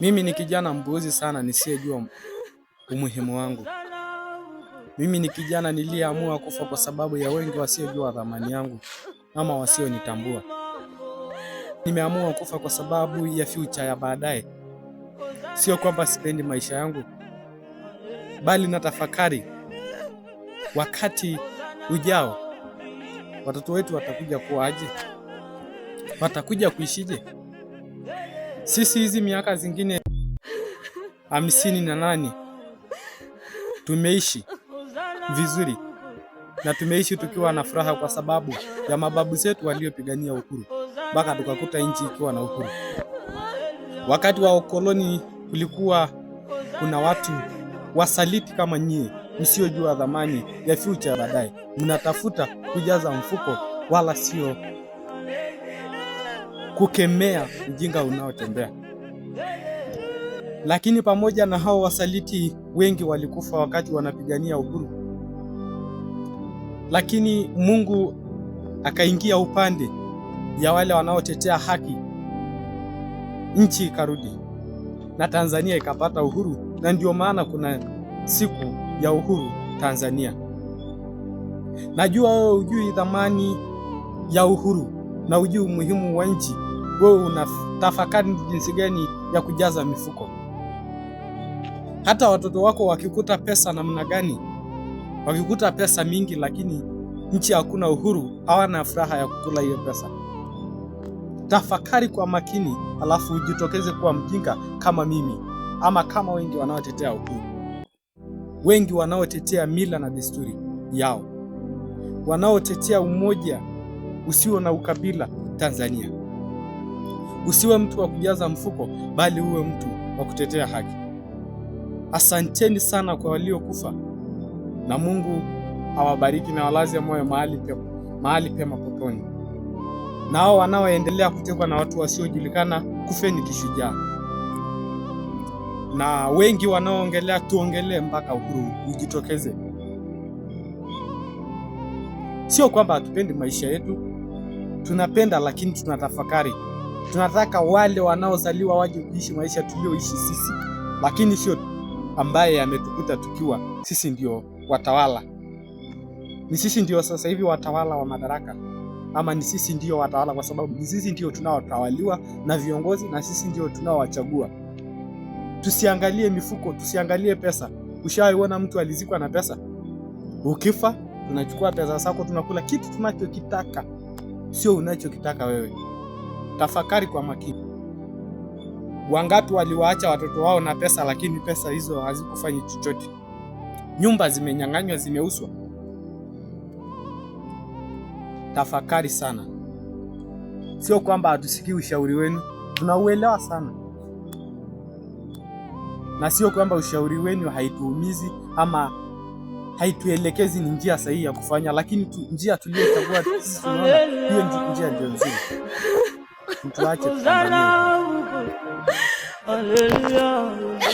Mimi ni kijana mbuzi sana nisiyejua umuhimu wangu. Mimi ni kijana niliyeamua kufa kwa sababu ya wengi wasiojua dhamani yangu ama wasionitambua. Nimeamua kufa kwa sababu ya future ya baadaye. Sio kwamba sipendi maisha yangu, bali natafakari wakati ujao watoto wetu watakuja kuwaje? Watakuja kuishije? Sisi hizi miaka zingine hamsini na nane tumeishi vizuri na tumeishi tukiwa na furaha kwa sababu ya mababu zetu waliopigania uhuru mpaka tukakuta nchi ikiwa na uhuru. Wakati wa ukoloni kulikuwa kuna watu wasaliti kama nyie, msiojua dhamani ya future baadaye, mnatafuta kujaza mfuko, wala sio kukemea ujinga unaotembea. Lakini pamoja na hao wasaliti wengi walikufa wakati wanapigania uhuru, lakini Mungu akaingia upande ya wale wanaotetea haki, nchi ikarudi na Tanzania ikapata uhuru, na ndio maana kuna siku ya uhuru Tanzania. Najua wewe hujui thamani ya uhuru na hujui umuhimu wa nchi wewe unatafakari jinsi gani ya kujaza mifuko. Hata watoto wako wakikuta pesa namna gani, wakikuta pesa mingi, lakini nchi hakuna uhuru, hawana furaha ya kukula hiyo pesa. Tafakari kwa makini, alafu ujitokeze kuwa mjinga kama mimi ama kama wengi wanaotetea uhuru, wengi wanaotetea mila na desturi yao, wanaotetea umoja usio na ukabila Tanzania. Usiwe mtu wa kujaza mfuko, bali uwe mtu wa kutetea haki. Asanteni sana kwa waliokufa, na Mungu awabariki na walaze moyo mahali pema, mahali pema peponi. Nao wanaoendelea kutekwa na watu wasiojulikana, kufeni kishujaa. Na wengi wanaoongelea, tuongelee mpaka uhuru ujitokeze. Sio kwamba hatupendi maisha yetu, tunapenda, lakini tunatafakari. Tunataka wale wanaozaliwa waje kuishi maisha tulioishi sisi, lakini sio ambaye ametukuta tukiwa sisi ndio watawala. Ni sisi ndio sasa hivi watawala wa madaraka, ama ni sisi ndio watawala, kwa sababu ni sisi ndio tunaotawaliwa na viongozi na sisi ndio tunaowachagua. Tusiangalie mifuko, tusiangalie pesa. Ushaiona mtu alizikwa na pesa? Ukifa tunachukua pesa zako, tunakula kitu tunachokitaka, sio unachokitaka wewe tafakari kwa makini. Wangapi waliwaacha watoto wao na pesa, lakini pesa hizo hazikufanya chochote. Nyumba zimenyang'anywa, zimeuswa Tafakari sana. Sio kwamba hatusikii ushauri wenu, tunauelewa sana, na sio kwamba ushauri wenu haituumizi ama haituelekezi ni njia sahihi ya kufanya, lakini tu, njia tuliyochagua hiyo njia ndio nzuri. Sıkıntılar çektim.